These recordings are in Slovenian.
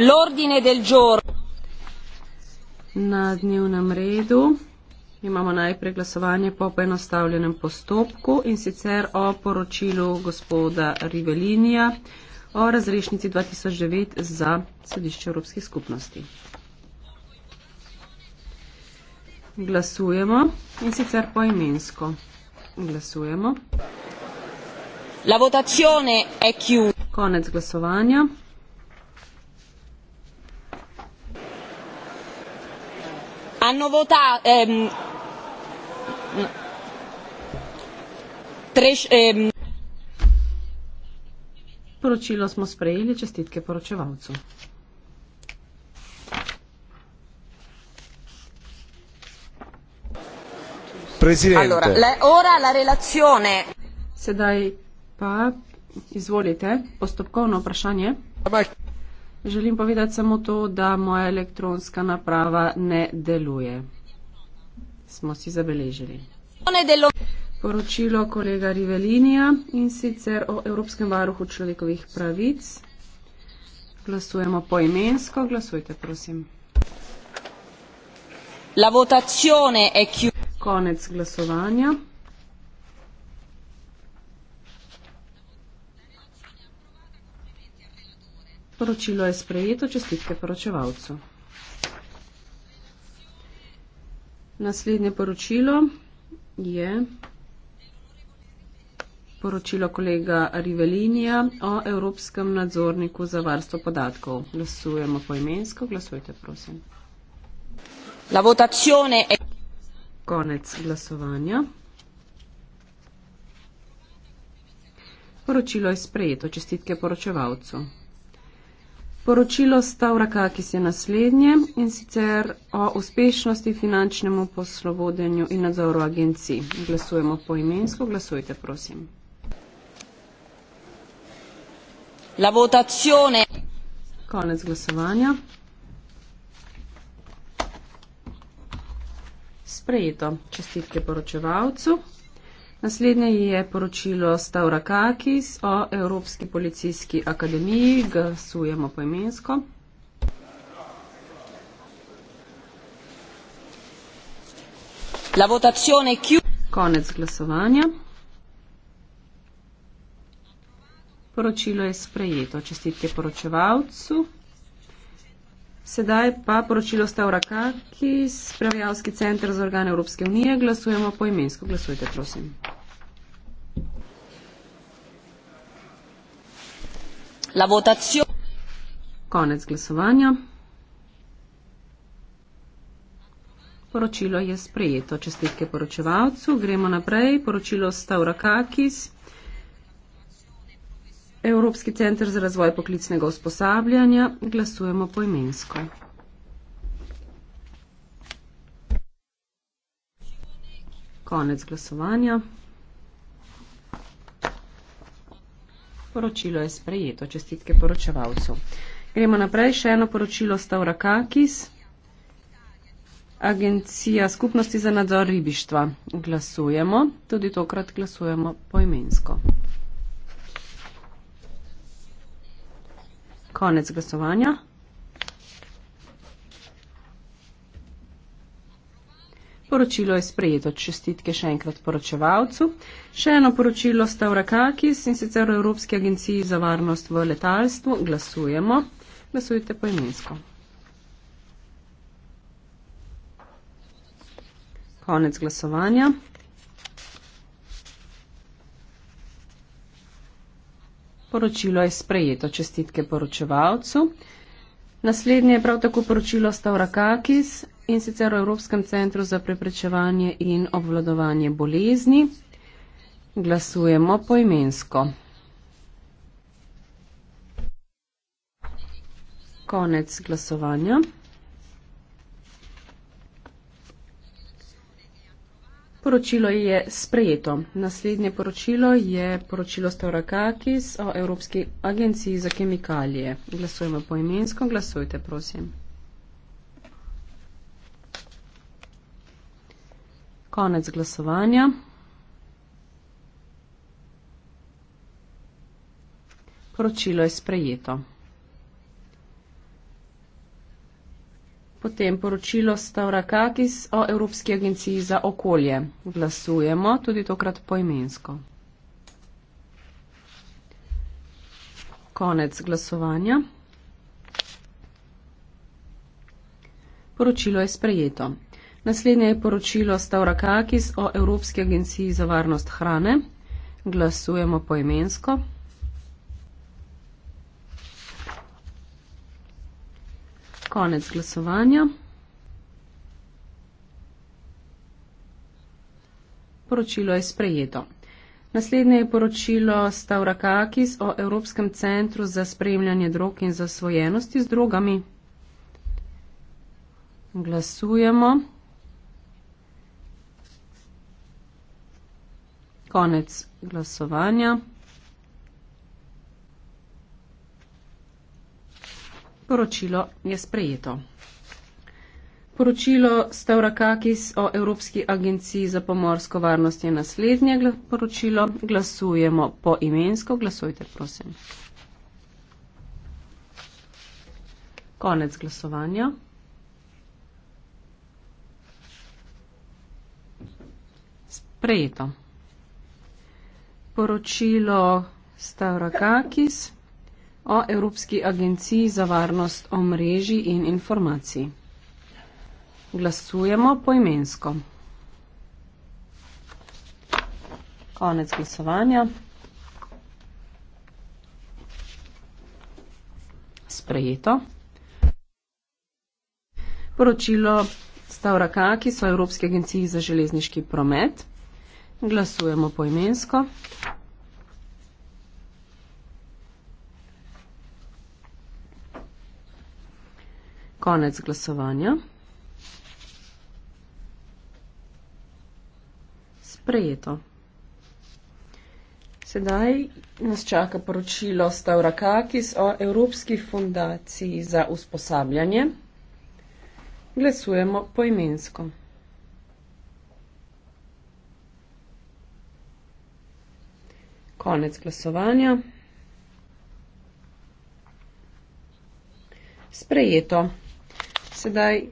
l'ordine del giorno. Na dnevnem redu imamo najprej glasovanje po poenostavljenem postopku in sicer o poročilu gospoda Rivelinija o razrešnici 2009 za sodišče Evropskih skupnosti. Glasujemo in sicer poimensko. Glasujemo. La votazione è chiusa. Konec glasovanja. hanno votato ehm, tre, ehm. Porocillo smo sprejeli čestitke poročevalcu. Presidente. Allora, le, ora la relazione. Sedaj pa izvolite postopkovno vprašanje. Ma Želim povedati samo to, da moja elektronska naprava ne deluje. Smo si zabeležili. Poročilo kolega Rivelinija in sicer o Evropskem varuhu človekovih pravic. Glasujemo po imensko. Glasujte, prosim. La votazione è chiusa. Konec glasovanja. Poročilo je sprejeto, čestitke poročevalcu. Naslednje poročilo je poročilo kolega Rivelinija o Evropskem nadzorniku za varstvo podatkov. Glasujemo poimensko, glasujte prosim. La votazione è... Konec glasovanja. Poročilo je sprejeto, čestitke poročevalcu. Sporočilo Stavra Kakis je naslednje in sicer o uspešnosti finančnemu poslovodenju in nadzoru agencij. Glasujemo po imensko, glasujte prosim. La votazione. Konec glasovanja. Sprejeto. Čestitke poročevalcu. Naslednje je poročilo Stavra Kakis o Evropski policijski akademiji, ga sujemo poimensko. La votazione chiude. Konec glasovanja. Poročilo je sprejeto. Čestitke poročevalcu. Sedaj pa poročilo Stavra Kaki, spravljavski centr za organe Evropske unije. Glasujemo po imensko. Glasujte, prosim. La votacijo. Konec glasovanja. Poročilo je sprejeto. Čestitke poročevalcu. Gremo naprej. Poročilo Stavra Kakis, Evropski centr za razvoj poklicnega usposabljanja. Glasujemo poimensko. Konec glasovanja. Poročilo je sprejeto. Čestitke poročevalcu. Gremo naprej. Še eno poročilo Stavra Kakis. Agencija skupnosti za nadzor ribištva. Glasujemo. Tudi tokrat glasujemo poimensko. Konec glasovanja. Poročilo je sprejeto. Čestitke še enkrat poročevalcu. Še eno poročilo sta v Rakakis in sicer v Evropski agenciji za varnost v letalstvu. Glasujemo. Glasujte poimensko. Konec glasovanja. poročilo je sprejeto, čestitke poročevalcu. Naslednje je prav tako poročilo Stavrakakis in sicer o Evropskem centru za preprečevanje in obvladovanje bolezni. Glasujemo poimensko. Konec glasovanja. Poročilo je sprejeto. Naslednje poročilo je poročilo Staurakakis o Evropski agenciji za kemikalije. Glasujemo po imensko, glasujte prosim. Konec glasovanja. Poročilo je sprejeto. Potem poročilo Stavra Kakis o Evropski agenciji za okolje. Glasujemo tudi tokrat poimensko. Konec glasovanja. Poročilo je sprejeto. Naslednje je poročilo Stavra Kakis o Evropski agenciji za varnost hrane. Glasujemo poimensko. imensko. Konec glasovanja. Poročilo je sprejeto. Naslednje je poročilo Stavra Kakis o Evropskem centru za spremljanje drog in zasvojenosti z drogami. Glasujemo. Konec glasovanja. Poročilo je sprejeto. Poročilo Stavrakakis o Evropski agenciji za pomorsko varnost je naslednje gl poročilo. Glasujemo po imensko. Glasujte, prosim. Konec glasovanja. Sprejeto. Poročilo Stavrakakis o Evropski agenciji za varnost omrežji in informacij. Glasujemo poimensko. Konec glasovanja. Sprejeto. Poročilo Stavra Kaki so Evropske agenciji za železniški promet. Glasujemo poimensko. imensko. konec glasovanja. Sprejeto. Sedaj nas čaka poročilo Stavrakakis o Evropski fundaciji za usposabljanje. Glasujemo poimensko. Konec glasovanja. Sprejeto. Sedaj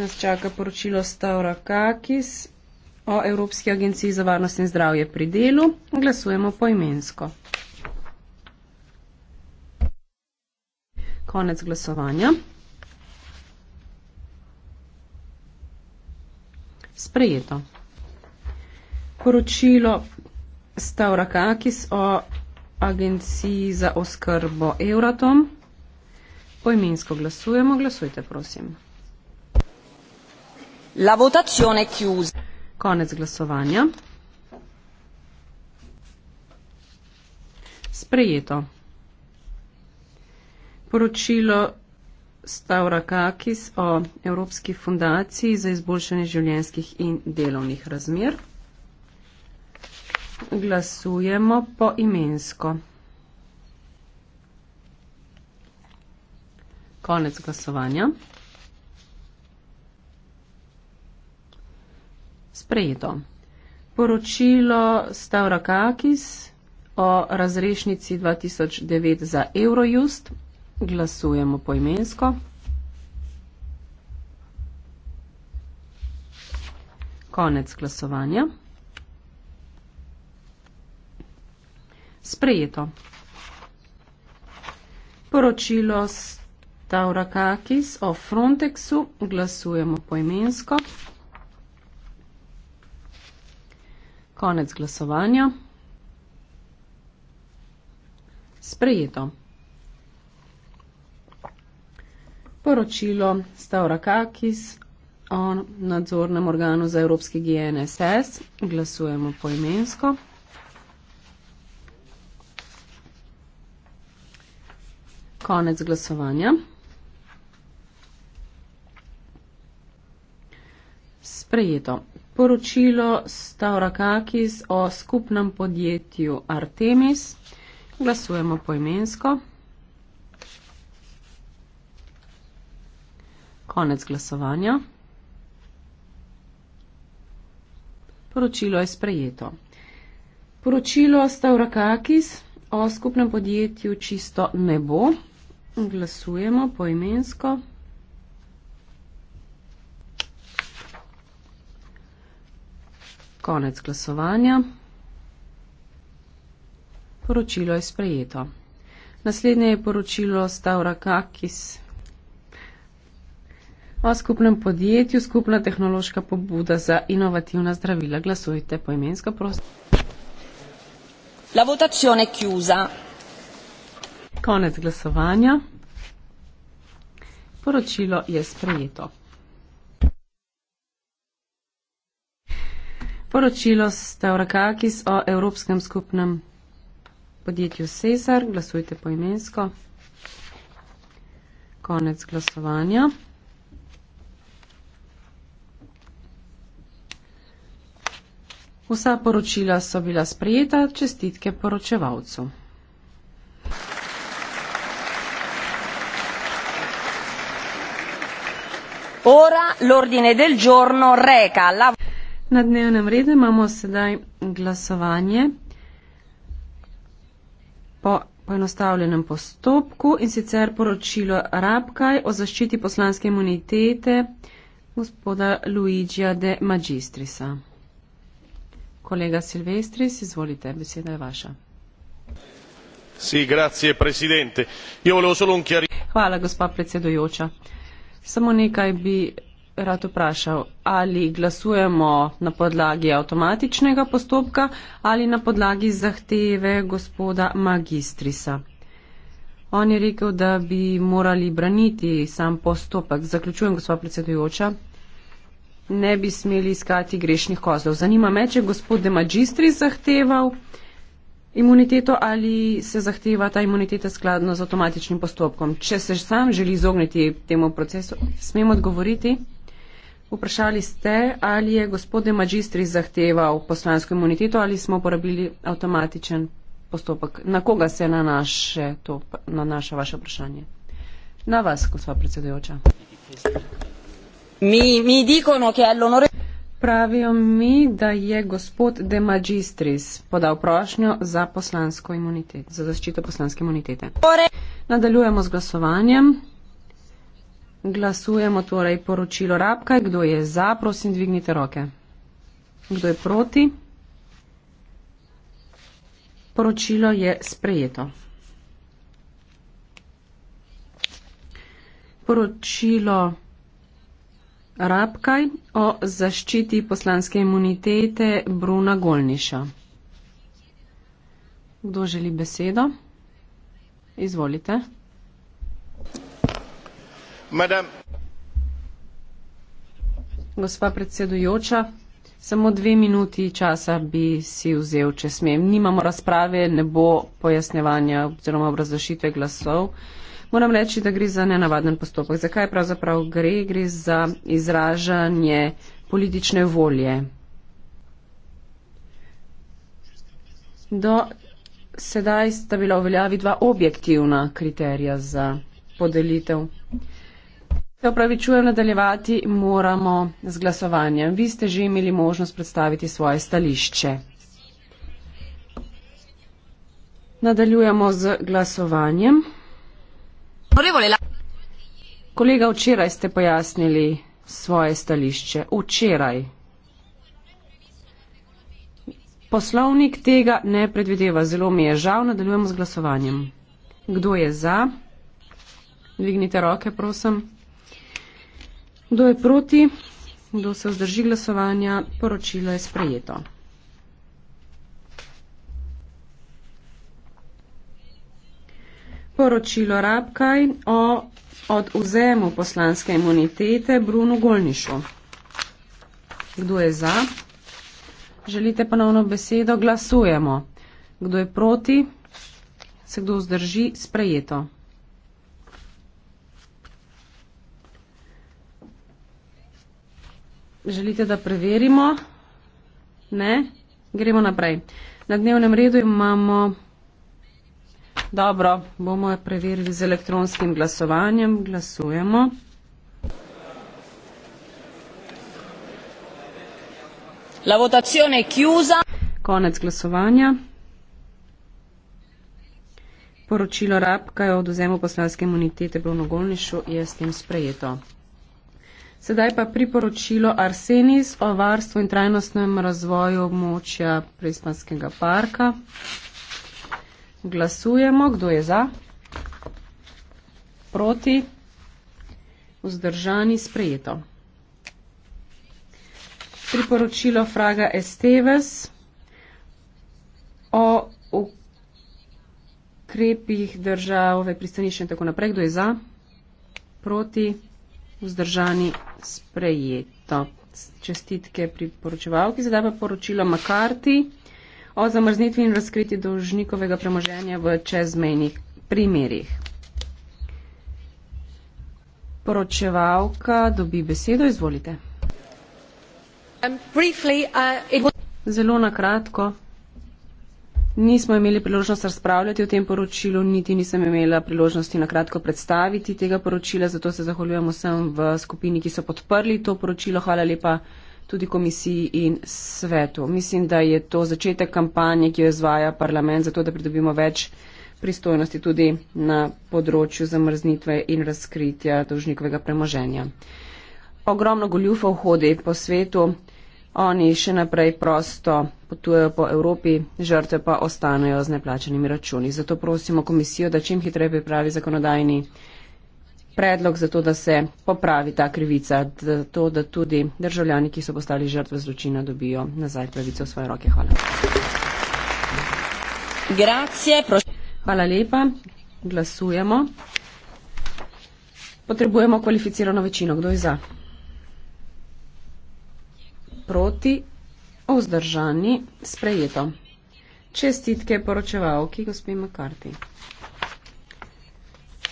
nas čaka poročilo Stavra Kakis o Evropski agenciji za varnost in zdravje pri delu. Glasujemo poimensko. Konec glasovanja. Sprejeto. Poročilo Stavra Kakis o Agenciji za oskrbo Euratom poimensko glasujemo. Glasujte, prosim. La votazione chiusa. Konec glasovanja. Sprejeto. Poročilo Stavra Kakis o Evropski fundaciji za izboljšanje življenjskih in delovnih razmer. Glasujemo po imensko. konec glasovanja. Sprejeto. Poročilo Stavra Kakis o razrešnici 2009 za Eurojust. Glasujemo poimensko. Konec glasovanja. Sprejeto. Poročilo Stavra Kakis. Taurakakis o Frontexu glasujemo poimensko. Konec glasovanja. Sprejeto. Poročilo Staurakakis o nadzornem organu za evropski GNSS. Glasujemo poimensko. Konec glasovanja. sprejeto. Poročilo Staurakakis o skupnem podjetju Artemis. Glasujemo poimensko. Konec glasovanja. Poročilo je sprejeto. Poročilo Staurakakis o skupnem podjetju čisto ne bo. Glasujemo poimensko. imensko. konec glasovanja. Poročilo je sprejeto. Naslednje je poročilo Stavra Kakis o skupnem podjetju, skupna tehnološka pobuda za inovativna zdravila. Glasujte po imensko prosto. La votazione chiusa. Konec glasovanja. Poročilo je sprejeto. poročilo Stavrakakis o Evropskem skupnem podjetju Cesar. Glasujte po imensko. Konec glasovanja. Vsa poročila so bila sprejeta, čestitke poročevalcu. Ora l'ordine del giorno reca la... Na dnevnem redu imamo sedaj glasovanje po poenostavljenem postopku in sicer poročilo Rabkaj o zaščiti poslanske imunitete gospoda Luigija de Magistrisa. Kolega Silvestris, izvolite, beseda je vaša. Si, grazie, presidente. Hvala, gospa predsedujoča. Samo nekaj bi rad vprašal, ali glasujemo na podlagi avtomatičnega postopka ali na podlagi zahteve gospoda magistrisa. On je rekel, da bi morali braniti sam postopek. Zaključujem, gospod predsedujoča. Ne bi smeli iskati grešnih kozlov. Zanima me, če gospod de magistris zahteval imuniteto ali se zahteva ta imuniteta skladno z avtomatičnim postopkom. Če se sam želi izogniti temu procesu, smemo odgovoriti. Vprašali ste, ali je gospodin magistri zahteval poslansko imuniteto ali smo uporabili avtomatičen postopek. Na koga se nanaša to, nanaša vaše vprašanje? Na vas, gospod predsedujoča. Mi, mi dikono, ki je lonore. Pravijo mi, da je gospod De Magistris podal prošnjo za poslansko imuniteto, za zaščito poslanske imunitete. Nadaljujemo z glasovanjem. Glasujemo torej poročilo Rabka. Kdo je za, prosim, dvignite roke. Kdo je proti? Poročilo je sprejeto. Poročilo Rabkaj o zaščiti poslanske imunitete Bruna Golniša. Kdo želi besedo? Izvolite. Gospa predsedujoča, samo dve minuti časa bi si vzel, če smem. Nimamo razprave, ne bo pojasnevanja oziroma obrazložitve glasov. Moram reči, da gre za nenavaden postopek. Zakaj pravzaprav gre? Gre za izražanje politične volje. Do sedaj sta bila v veljavi dva objektivna kriterija za podelitev. Se opravičujem, nadaljevati moramo z glasovanjem. Vi ste že imeli možnost predstaviti svoje stališče. Nadaljujemo z glasovanjem. Kolega, včeraj ste pojasnili svoje stališče. Včeraj. Poslovnik tega ne predvideva. Zelo mi je žal. Nadaljujemo z glasovanjem. Kdo je za? Dvignite roke, prosim. Kdo je proti? Kdo se vzdrži glasovanja? Poročilo je sprejeto. Poročilo Rabkaj o odvzemu poslanske imunitete Brunu Golnišu. Kdo je za? Želite ponovno besedo? Glasujemo. Kdo je proti? Se kdo vzdrži? Sprejeto. Želite, da preverimo? Ne? Gremo naprej. Na dnevnem redu imamo. Dobro, bomo jo preverili z elektronskim glasovanjem. Glasujemo. La votazione chiusa. Konec glasovanja. Poročilo rabka je o oduzemu poslanske imunitete Bruno Golnišu je s tem sprejeto. Sedaj pa priporočilo Arsenis o varstvu in trajnostnem razvoju območja Prespanskega parka. Glasujemo, kdo je za, proti, vzdržani, sprejeto. Priporočilo Fraga Esteves o ukrepih države, pristanišče in tako naprej, kdo je za, proti, vzdržani vzdržani sprejeto. Čestitke priporočevalki, zdaj pa poročilo Makarti o zamrznitvi in razkriti dolžnikovega premoženja v čezmejnih primerjih. Poročevalka dobi besedo, izvolite. Um, uh, Zelo na kratko. Nismo imeli priložnost razpravljati o tem poročilu, niti nisem imela priložnosti na kratko predstaviti tega poročila, zato se zahvaljujem vsem v skupini, ki so podprli to poročilo. Hvala lepa tudi komisiji in svetu. Mislim, da je to začetek kampanje, ki jo izvaja parlament, zato da pridobimo več pristojnosti tudi na področju zamrznitve in razkritja dožnikovega premoženja. Ogromno goljufov hodi po svetu. Oni še naprej prosto potujejo po Evropi, žrtve pa ostanejo z neplačenimi računi. Zato prosimo komisijo, da čim hitreje pripravi zakonodajni predlog za to, da se popravi ta krivica, da, to, da tudi državljani, ki so postali žrtve zločina, dobijo nazaj pravico v svoje roke. Hvala. Grazie, Hvala lepa. Glasujemo. Potrebujemo kvalificirano večino. Kdo je za? proti, o vzdržani, sprejeto. Čestitke poročevalki, gospe Makarti.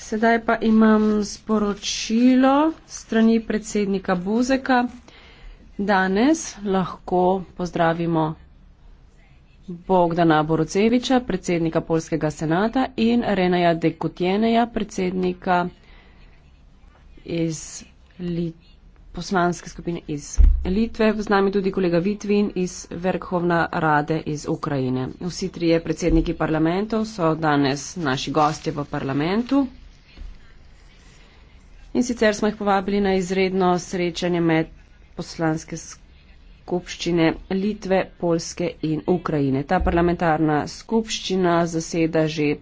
Sedaj pa imam sporočilo strani predsednika Buzeka. Danes lahko pozdravimo Bogdana Borucevića, predsednika Polskega senata in Renaja Dekutjeneja, predsednika iz Litve poslanske skupine iz Litve, z nami tudi kolega Vitvin iz Verhovna Rade iz Ukrajine. Vsi trije predsedniki parlamentov so danes naši gostje v parlamentu. In sicer smo jih povabili na izredno srečanje med poslanske skupščine Litve, Polske in Ukrajine. Ta parlamentarna skupščina zaseda že.